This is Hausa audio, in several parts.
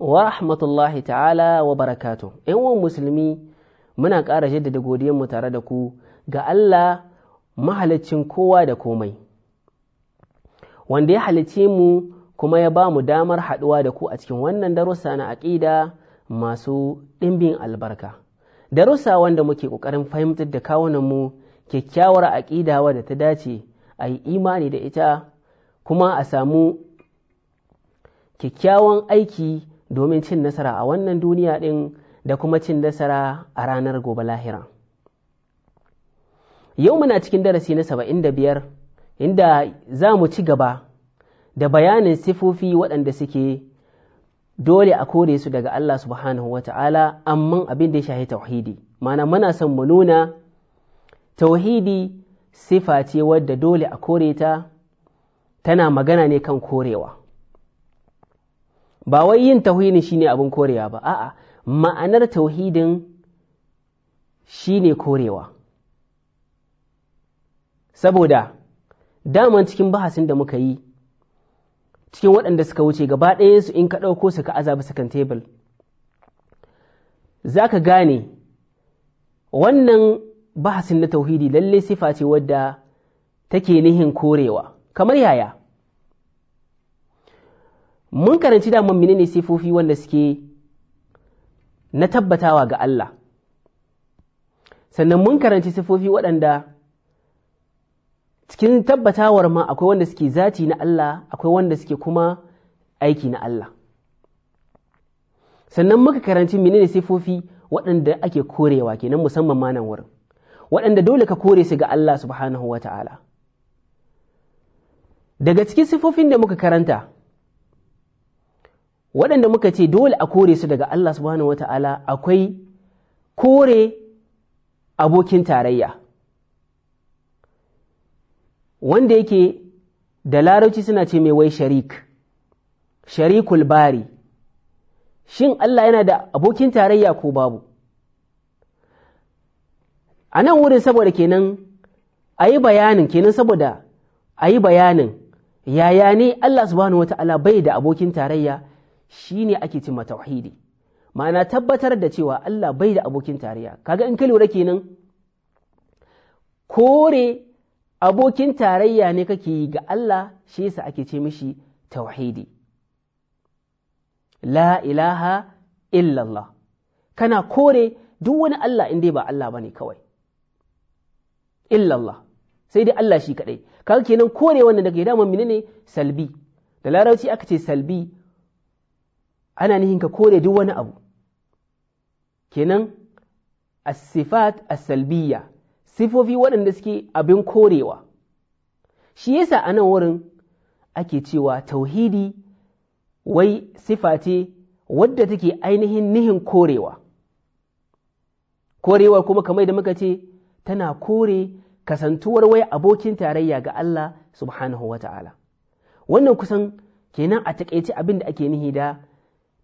wa rahmatullahi ta'ala wa barakatu ‘yan uwan musulmi muna ƙara jaddada godiyanmu tare da ku ga Allah mahaliccin kowa da komai wanda ya halicce mu kuma ya ba mu damar haɗuwa da ku a cikin wannan darussa na aƙida masu ɗimbin albarka darussa wanda muke ƙoƙarin fahimtar da kawunanmu kyakkyawar aƙida wadda ta dace a yi imani da ita kuma a samu kyakkyawan aiki domin cin nasara a wannan duniya ɗin da kuma cin nasara a ranar gobe lahira yau muna cikin darasi na saba'in da biyar inda za mu ci gaba da bayanin sifofi waɗanda suke dole a kore su daga Allah subhanahu wa ta'ala amma abin da ya shahi tauhidi mana muna son mu nuna tauhidi sifa ce wadda dole a kore ta tana magana ne kan korewa ba wai yin shi shine abin korewa ba a'a ma'anar tauhidin shine korewa saboda daman cikin bahasin da muka yi cikin waɗanda suka wuce gaba ɗaya su in ka ɗauko su ka azabi sakan tebul za ka gane wannan bahasin na tauhidi lalle sifa ce wadda take nihin korewa kamar yaya mun karanci da mun menene sifofi wanda suke na tabbatawa ga Allah sannan mun karanci sifofi waɗanda cikin tabbatawar ma akwai wanda suke zati na Allah akwai wanda suke kuma aiki na Allah sannan muka karanci menene sifofi waɗanda ake korewa kenan musamman ma nan wurin waɗanda dole ka kore su ga Allah subhanahu wa ta'ala daga cikin sifofin da muka karanta waɗanda muka ce dole a kore su daga Allah subhanahu wata'ala akwai kore abokin tarayya wanda yake da larauci suna ce mai wai sharik sharikul bari shin Allah yana da abokin tarayya ko babu a nan wurin saboda kenan a yi bayanin kenan saboda a yi bayanin yaya ne Allah subhanahu wata'ala bai da abokin tarayya shi ne ake cimma tauhidi ma'ana tabbatar da cewa Allah bai da abokin tarayya kaga in ka lura kenan kore abokin tarayya ne kake yi ga Allah shi yasa ake ce mishi tauhidi la ilaha illallah kana kore duk wani Allah in dai ba Allah bane kawai illallah sai dai Allah shi kadai kaga kenan kore wannan daga daman ne salbi da Larauci aka ce salbi ana nihin ka kore duk wani abu kenan asifat sifat a salbiyya sifofi waɗanda suke abin korewa shi yasa a nan wurin ake cewa tauhidi wai sifa ce wadda take ainihin nihin korewa korewa kuma kamar da muka ce tana kore kasantuwar wai abokin tarayya ga Allah subhanahu wa ta'ala wannan kusan kenan a taƙaice abin da ake nihi da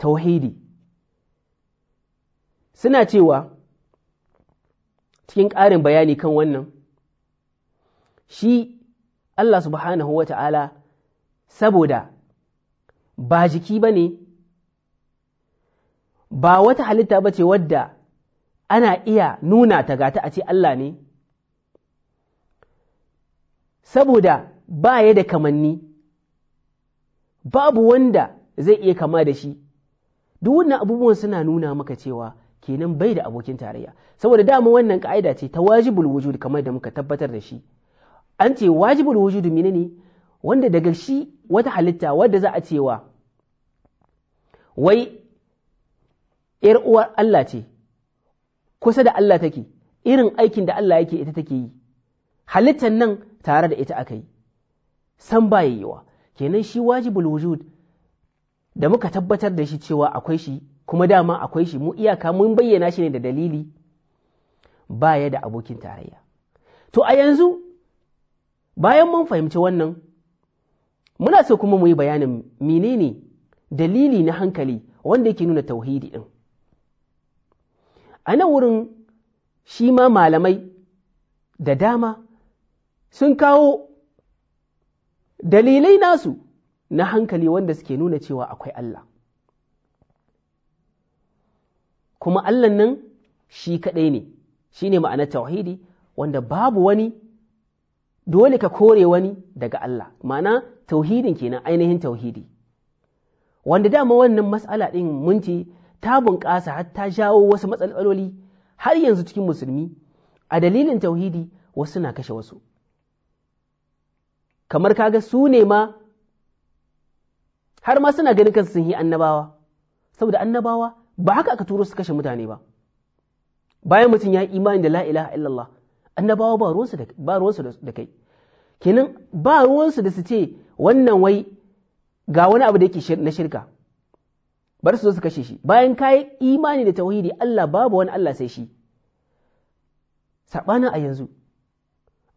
tauhidi suna cewa cikin ƙarin bayani kan wannan shi Allah subhanahu wa ta'ala saboda ba jiki ba ne ba wata halitta ba ce wadda ana iya nuna ta gata a ce Allah ne saboda ba ya da kamanni babu wanda zai iya kama da shi duk wannan abubuwan suna nuna maka cewa kenan bai da abokin tarayya saboda dama wannan ka'ida ce ta wajibul wujud kamar da muka tabbatar da shi an ce wajibul wujud ne. wanda daga shi wata halitta wadda za a cewa wai ‘yar uwar Allah ce, kusa da Allah take, irin aikin da Allah yake ita take yi, halittar nan tare da ita aka yi, san ba yiwa, kenan shi wajibul wujud da muka tabbatar da shi cewa akwai shi kuma dama akwai shi mu iyaka mun bayyana shi ne da dalili baya da abokin tarayya to a yanzu bayan mun fahimci wannan muna so kuma mu yi bayanin menene dalili na hankali wanda yake nuna tauhidi din? a nan wurin shi ma malamai da dama sun kawo dalilai nasu na hankali wanda suke nuna cewa akwai Allah kuma Allah nan shi kaɗai ne shi ne ma'anar tauhidi wanda babu wani dole ka kore wani daga Allah ma'ana tauhidin kenan ainihin tauhidi wanda dama wannan matsala ɗin munci ta bunƙasa har ta jawo wasu matsaloli har yanzu cikin musulmi a dalilin tauhidi wasu na kashe wasu kamar kaga su ne ma har ma suna ganin kansu sun yi annabawa saboda annabawa ba haka aka turo su kashe mutane ba bayan mutum ya yi imani da la ilaha illallah annabawa ba ruwansu da ba ruwansu da kai kenan ba ruwansu da su ce wannan wai ga wani abu da yake na shirka bar su zo su kashe shi bayan kai imani da tauhidi Allah babu wani Allah sai shi sabana a yanzu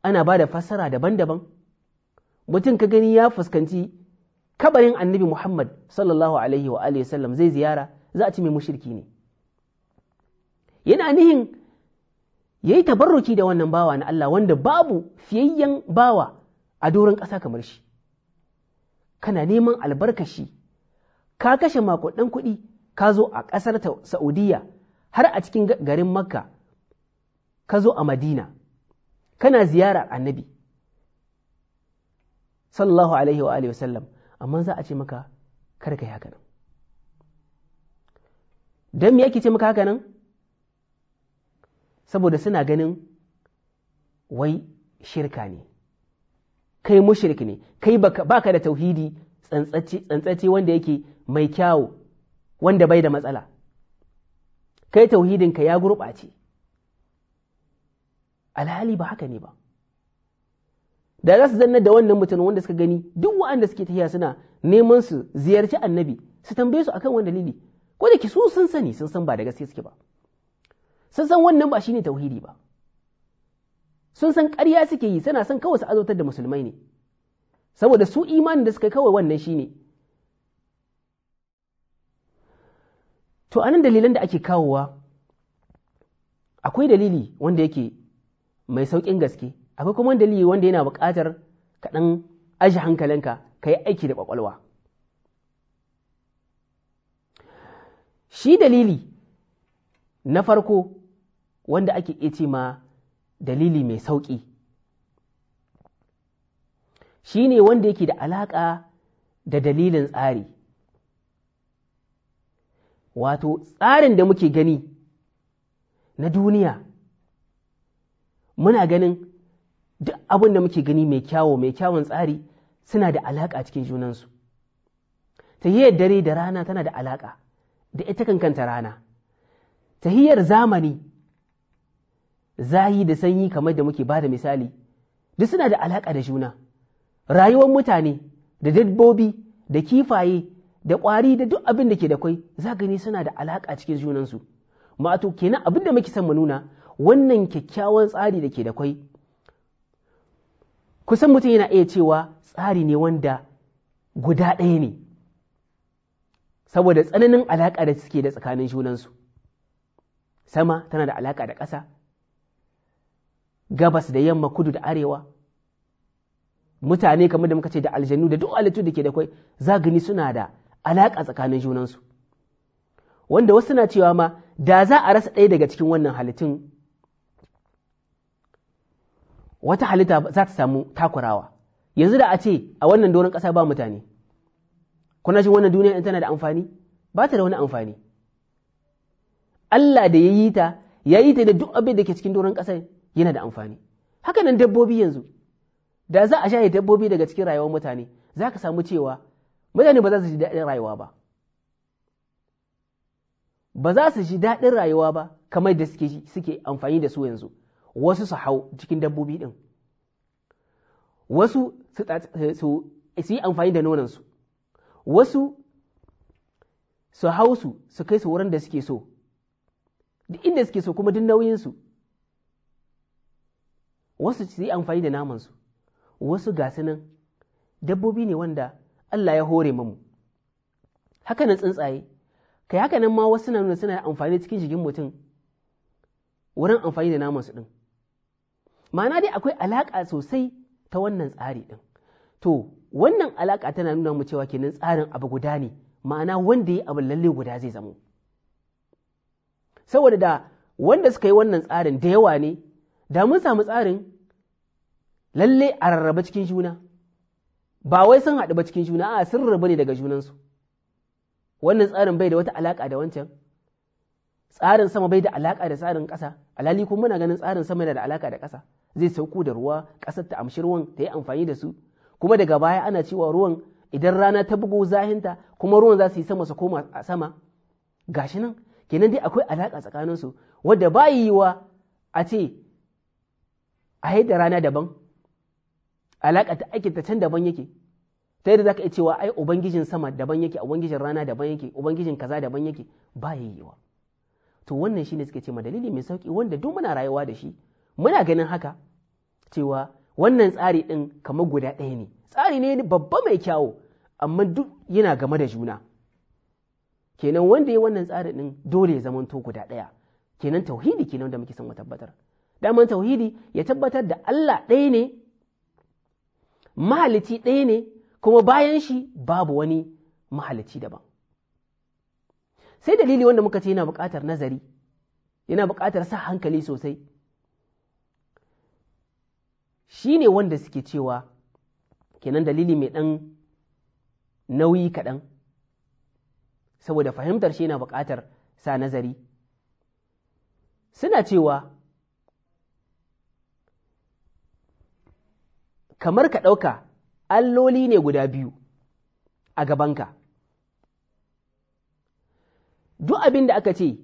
ana ba da fassara daban-daban mutum ka gani ya fuskanci kabarin annabi Muhammad sallallahu alaihi wa alihi sallam zai ziyara za a ci mai mushriki ne yana nihin yayi tabarruki da wannan bawa na Allah wanda babu fiyayyen bawa a doron ƙasa kamar shi kana neman albarkashi ka kashe makudan kuɗi ka zo a ƙasar Saudiya har a cikin garin Makka ka zo a Madina kana ziyara annabi sallallahu alaihi wa alihi sallam amma za a ce maka kar ka yi haka nan don me yake ce maka haka nan saboda suna ganin wai shirka ne kai mushrik ne kai baka da tauhidi tsantsace wanda yake mai kyawu wanda bai da matsala kai tauhidinka ya gurɓace alhali ba haka ne ba da za su zanna da wannan mutum wanda suka gani duk wanda suke tafiya suna neman su ziyarci annabi su tambaye su akan wani dalili ko da su sun sani sun san ba da gaske suke ba sun san wannan ba shine tauhidi ba sun san ƙarya suke yi suna son kawai su azautar da musulmai ne saboda su imanin da suka kawai wannan shine to anan dalilan da ake kawowa akwai dalili wanda yake mai sauƙin gaske akwai kuma dalili wanda yana buƙatar ka ɗan aji hankalinka ka yi aiki da ƙwaƙwalwa shi dalili na farko wanda ake iya ce ma dalili mai sauƙi shi ne wanda yake da alaƙa da dalilin tsari wato tsarin da muke gani na duniya muna ganin duk abin da muke gani mai kyawo mai kyawun tsari suna da alaƙa cikin junansu tahiyar dare da rana tana da alaƙa da ita kankanta rana tahiyar zamani zahi da sanyi kamar da muke ba da misali duk suna da alaƙa da juna rayuwar mutane da dabbobi da kifaye da ƙwari da duk abin da ke da kwai za gani suna da alaƙa cikin junansu ma'ato kenan abin da muke son mu nuna wannan kyakkyawan tsari da ke da kwai kusan mutum yana iya cewa tsari ne wanda guda ɗaya ne saboda tsananin alaƙa da suke da tsakanin junansu sama tana da alaƙa da ƙasa gabas da yamma kudu da arewa mutane kamar da muka ce da aljannu da duk halittu da ke da kwai zagani suna da alaƙa tsakanin junansu wanda wasu na cewa ma da za a rasa ɗaya daga cikin wannan halittun wata halitta za ta samu takurawa yanzu da a ce a wannan doron ƙasa ba mutane kuna shi wannan duniya in tana da amfani ba ta da wani amfani Allah da ya yi ta ya yi ta da duk abin da ke cikin doron ƙasa yana da amfani haka nan dabbobi yanzu da za a shaye dabbobi daga cikin rayuwar mutane za ka samu cewa mutane ba za su ji daɗin rayuwa ba ba za su ji daɗin rayuwa ba kamar da suke amfani da su yanzu wasu su hau cikin dabbobi ɗin wasu su yi amfani da nonansu wasu su hau su su kai su wurin da suke so duk inda suke so kuma duk nauyinsu wasu su yi amfani da namansu wasu gasu nan dabbobi ne wanda Allah ya hore mamu haka nan tsuntsaye kai hakanan ma wasu na nuna suna amfani cikin jikin mutum wurin amfani da namansu ɗin ma'ana dai akwai alaƙa sosai ta wannan tsari ɗin to wannan alaƙa tana nuna mu cewa kenan tsarin abu guda ne ma'ana wanda ya abu lalle guda zai zamo saboda da wanda suka yi wannan tsarin da yawa ne da mun samu tsarin lalle a rarraba cikin juna ba wai sun haɗu ba cikin juna a sun rarraba ne daga junansu wannan tsarin bai da wata alaƙa da wancan tsarin sama bai da alaka da tsarin ƙasa alali kuma muna ganin tsarin sama yana da alaka da ƙasa zai sauko da ruwa ƙasar ta amshi ruwan ta yi amfani da su kuma daga baya ana cewa ruwan idan rana ta bugo zahinta kuma ruwan za su yi sama su koma a sama gashi nan kenan dai akwai alaka tsakanin su wadda ba yi wa a ce a da rana daban alaka ta ake can daban yake ta yadda zaka iya cewa ai ubangijin sama daban yake ubangijin rana daban yake ubangijin kaza daban yake ba wa. to wannan shine suke ce ma dalili mai sauki wanda duk muna rayuwa da shi muna ganin haka cewa wannan tsari ɗin kamar guda ɗaya ne tsari ne babba mai kyawo amma duk yana game da juna kenan wanda ya wannan tsari ɗin dole ya zamanto guda ɗaya kenan tauhidi kenan da muke son mu tabbatar daman tauhidi ya tabbatar da Allah ɗaya ne mahalici ɗaya ne kuma bayan shi babu wani mahalici daban sai dalili wanda muka ce yana buƙatar nazari yana buƙatar sa hankali sosai shi ne wanda suke cewa kenan dalili mai ɗan nauyi kaɗan saboda fahimtar shi yana buƙatar sa nazari suna cewa kamar ka ɗauka alloli ne guda biyu a gabanka duk abin da aka ce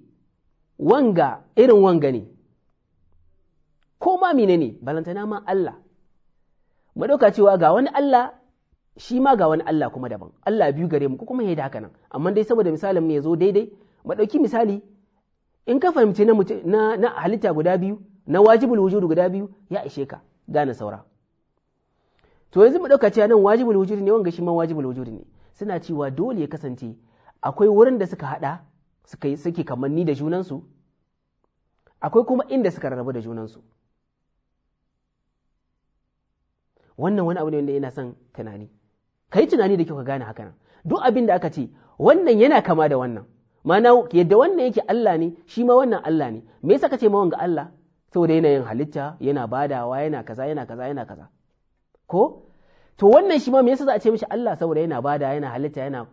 wanga irin wanga ne ko ma mine ne balantana ma Allah mu cewa ga wani Allah shi ma ga wani Allah kuma daban Allah biyu gare mu ko kuma yadda haka nan amma dai saboda misalin mu ya zo daidai madauki misali in ka fahimci na, na, na halitta guda biyu na wajibul wujudu guda biyu ya ishe ka gane saura to yanzu mu cewa nan wajibul wujudu ne wanga shi ma wajibul wujudu ne suna cewa dole ya kasance akwai wurin da suka haɗa suka yi suke kamanni da junansu akwai kuma inda suka rarrabu da junansu wannan wani abu ne wanda yana son tunani kai tunani da kyau ka gane haka nan duk abin da aka ce wannan yana kama da wannan ma'ana yadda wannan yake Allah ne shi ma wannan Allah ne me yasa kace ma wanga Allah saboda yana yin halitta yana badawa yana kaza yana kaza yana kaza ko to wannan shi ma me yasa za a ce mishi Allah saboda yana bada yana halitta yana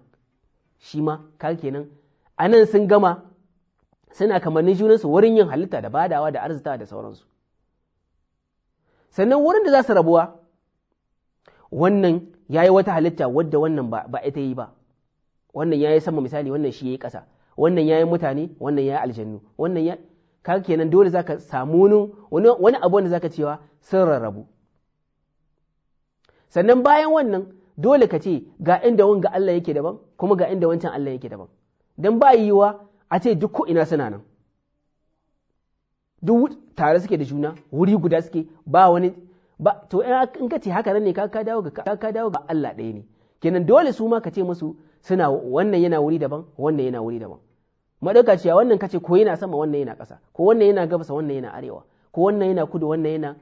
shi ma ka kenan a nan sun gama suna kamannin junansu wurin yin halitta da badawa da arzita da sauransu sannan wurin da za su rabuwa wannan ya yi wata halitta wadda wannan ba ita yi ba wannan ya yi sama misali wannan shi ya yi ƙasa wannan ya yi mutane wannan ya yi aljannu wannan ya kaga kenan dole za ka samu wani abu wanda za ka cewa sun rarrabu sannan bayan wannan dole ka ce ga inda wanga Allah yake daban kuma ga inda wancan Allah yake daban don ba yiwa a ce duk ko'ina suna nan duk tare suke da juna wuri guda suke ba wani ba to in ka ce haka nan ne ka dawo ga dawo ga Allah ɗaya ne kenan dole su ma ka ce masu suna wannan yana wuri daban wannan yana wuri daban madauka cewa wannan kace ko yana sama wannan yana ƙasa ko wannan yana gabasa wannan yana arewa ko wannan yana kudu wannan yana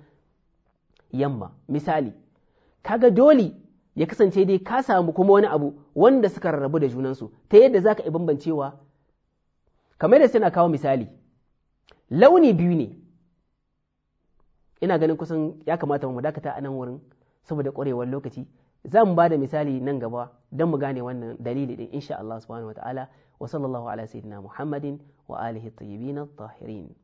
yamma misali kaga dole ya kasance dai ka samu kuma wani abu wanda suka rarrabu da junansu ta yadda za ka yi bambancewa kamar da suna kawo misali launi biyu ne ina ganin kusan ya kamata mu dakata a nan wurin saboda ƙwarewar lokaci zan ba da misali nan gaba don mu gane wannan dalili din insha Allah subhanahu wa ta'ala wa sallallahu ala sayyidina Muhammadin wa alihi tayyibin tahirin